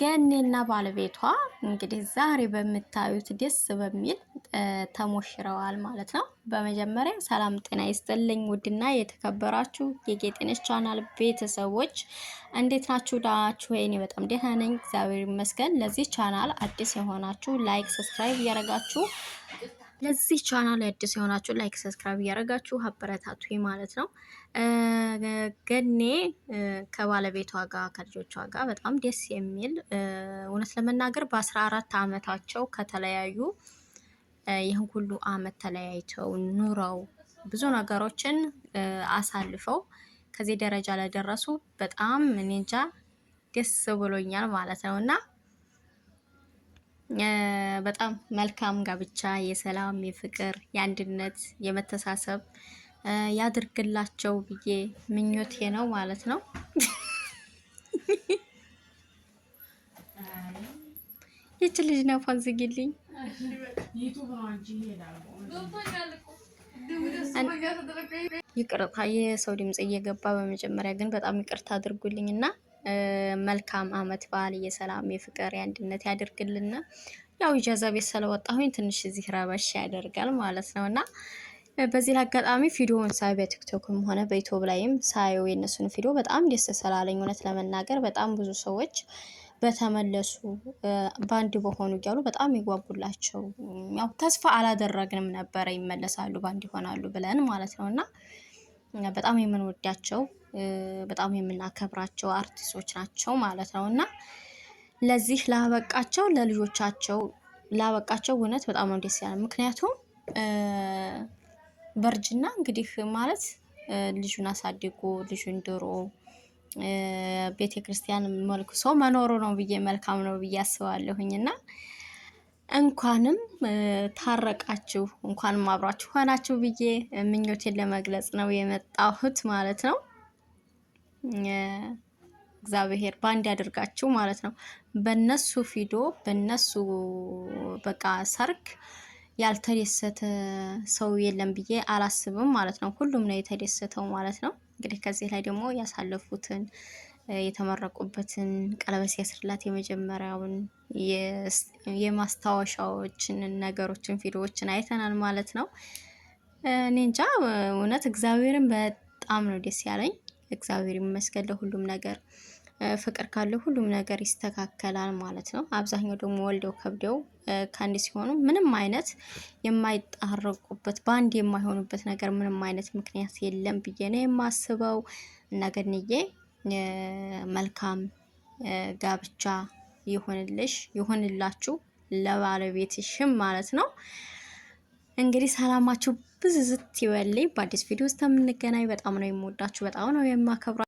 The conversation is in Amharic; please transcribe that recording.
ገኔና ባለቤቷ እንግዲህ ዛሬ በምታዩት ደስ በሚል ተሞሽረዋል ማለት ነው። በመጀመሪያ ሰላም ጤና ይስጥልኝ ውድና የተከበራችሁ የጌጤነሽ ቻናል ቤተሰቦች እንዴት ናችሁ? ዳችሁ ወይኔ በጣም ደህና ነኝ እግዚአብሔር ይመስገን። ለዚህ ቻናል አዲስ የሆናችሁ ላይክ፣ ሰብስክራይብ እያደረጋችሁ ለዚህ ቻናል አዲስ የሆናችሁ ላይክ፣ ሰብስክራይብ እያደረጋችሁ አበረታቱ ማለት ነው። ገኔ ከባለቤቷ ጋር ከልጆቿ ጋር በጣም ደስ የሚል እውነት ለመናገር በአስራ አራት አመታቸው ከተለያዩ ይህን ሁሉ አመት ተለያይተው ኑረው ብዙ ነገሮችን አሳልፈው ከዚህ ደረጃ ለደረሱ በጣም እኔ እንጃ ደስ ብሎኛል ማለት ነው እና በጣም መልካም ጋብቻ፣ የሰላም፣ የፍቅር፣ የአንድነት፣ የመተሳሰብ ያድርግላቸው ብዬ ምኞቴ ነው ማለት ነው። ይች ልጅ ነው ዝግልኝ ይቅርታ፣ የሰው ድምፅ እየገባ በመጀመሪያ ግን በጣም ይቅርታ አድርጉልኝ እና መልካም አመት በዓል የሰላም የፍቅር የአንድነት ያደርግልና። ያው ኢጃዛ ቤት ስለወጣሁኝ ትንሽ እዚህ ረበሽ ያደርጋል ማለት ነው እና በዚህ አጋጣሚ ቪዲዮውን ሳይ በቲክቶክም ሆነ በዩቱብ ላይም ሳየው የእነሱን ቪዲዮ በጣም ደስ ስላለኝ እውነት ለመናገር በጣም ብዙ ሰዎች በተመለሱ ባንድ በሆኑ እያሉ በጣም ይጓጉላቸው። ያው ተስፋ አላደረግንም ነበረ ይመለሳሉ ባንድ ይሆናሉ ብለን ማለት ነው እና በጣም የምንወዳቸው በጣም የምናከብራቸው አርቲስቶች ናቸው ማለት ነው እና ለዚህ ላበቃቸው ለልጆቻቸው ላበቃቸው እውነት በጣም ነው ደስ ያለ። ምክንያቱም በእርጅና እንግዲህ ማለት ልጁን አሳድጎ ልጁን ድሮ ቤተ ክርስቲያን መልክሶ መኖሩ ነው ብዬ መልካም ነው ብዬ አስባለሁኝ እና እንኳንም ታረቃችሁ እንኳንም አብሯችሁ ሆናችሁ ብዬ ምኞቴን ለመግለጽ ነው የመጣሁት ማለት ነው። እግዚአብሔር በአንድ ያደርጋችሁ ማለት ነው። በነሱ ፊዶ በነሱ በቃ ሰርግ ያልተደሰተ ሰው የለም ብዬ አላስብም ማለት ነው። ሁሉም ነው የተደሰተው ማለት ነው። እንግዲህ ከዚህ ላይ ደግሞ ያሳለፉትን የተመረቁበትን ቀለበት ሲያስርላት የመጀመሪያውን የማስታወሻዎችን ነገሮችን ቪዲዮዎችን አይተናል ማለት ነው። እኔ እንጃ እውነት እግዚአብሔርን በጣም ነው ደስ ያለኝ። እግዚአብሔር ይመስገን ለሁሉም ነገር። ፍቅር ካለ ሁሉም ነገር ይስተካከላል ማለት ነው። አብዛኛው ደግሞ ወልደው ከብደው ከአንድ ሲሆኑ ምንም አይነት የማይጣረቁበት በአንድ የማይሆኑበት ነገር ምንም አይነት ምክንያት የለም ብዬ ነው የማስበው። እና ገንዬ መልካም ጋብቻ ይሆንልሽ ይሆንላችሁ ለባለቤትሽም ማለት ነው። እንግዲህ ሰላማችሁ ብዝዝት ይበልኝ። በአዲስ ቪዲዮ ውስጥ የምንገናኝ። በጣም ነው የምወዳችሁ፣ በጣም ነው የማከብራ